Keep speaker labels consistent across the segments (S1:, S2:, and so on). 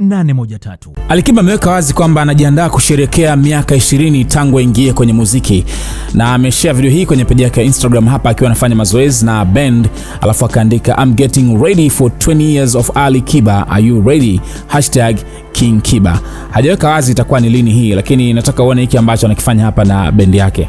S1: 813.
S2: Alikiba ameweka wazi kwamba anajiandaa kusherekea miaka 20 tangu aingie kwenye muziki na ameshare video hii kwenye peji yake ya Instagram hapa akiwa anafanya mazoezi na band, alafu akaandika I'm getting ready for 20 years of Ali Kiba, are you ready? Hashtag King Kiba. Hajaweka wazi itakuwa ni lini hii, lakini nataka uone hiki ambacho anakifanya hapa na bendi yake.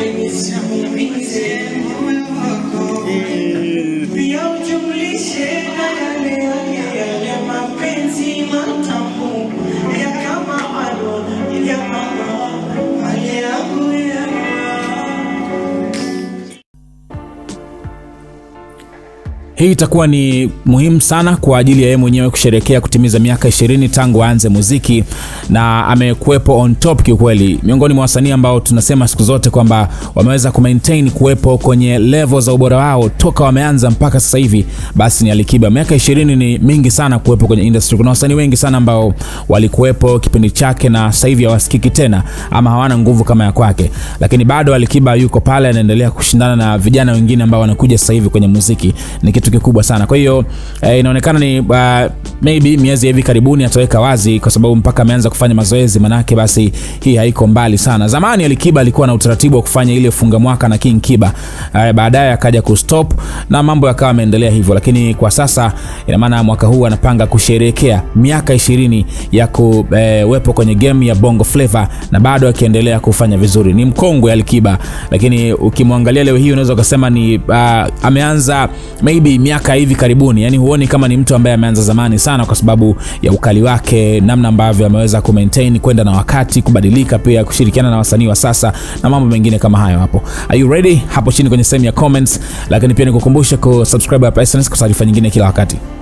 S2: Ой, не сомневайся, мой Hii itakuwa ni muhimu sana kwa ajili ya yeye mwenyewe kusherekea kutimiza miaka 20 tangu aanze muziki, na amekuwepo on top kiukweli, miongoni mwa wasanii ambao tunasema siku zote kwamba wameweza maintain kuwepo kwenye level za ubora wao toka wameanza mpaka sasa hivi, basi ni Alikiba. Miaka 20 ni mingi sana kuwepo kwenye industry. Kuna wasanii wengi sana ambao walikuwepo kipindi chake na sasa hivi hawasikiki tena ama hawana nguvu kama ya kwake, lakini bado Alikiba yuko pale, anaendelea kushindana na vijana wengine ambao wanakuja sasa hivi kwenye muziki. Ni kitu kitu kikubwa sana. Kwa hiyo eh, inaonekana ni uh, maybe miezi hivi karibuni ataweka wazi, kwa sababu mpaka ameanza kufanya mazoezi, manake basi hii haiko mbali sana. Zamani Alikiba alikuwa na utaratibu wa kufanya ile funga mwaka na King Kiba eh, baadaye akaja kustop na mambo yakawa yameendelea hivyo, lakini kwa sasa ina maana mwaka huu anapanga kusherehekea miaka ishirini ya kuwepo eh, kwenye game ya Bongo Flava na bado akiendelea kufanya vizuri. Ni mkongwe Alikiba, lakini ukimwangalia leo hii unaweza ukasema ni uh, ameanza maybe miaka hivi karibuni, yani huoni kama ni mtu ambaye ameanza zamani sana, kwa sababu ya ukali wake, namna ambavyo ameweza ku maintain kwenda na wakati, kubadilika pia, kushirikiana na wasanii wa sasa na mambo mengine kama hayo. Hapo are you ready? Hapo chini kwenye sehemu ya comments, lakini pia nikukumbusha ku subscribe hapa SNS kwa taarifa nyingine kila wakati.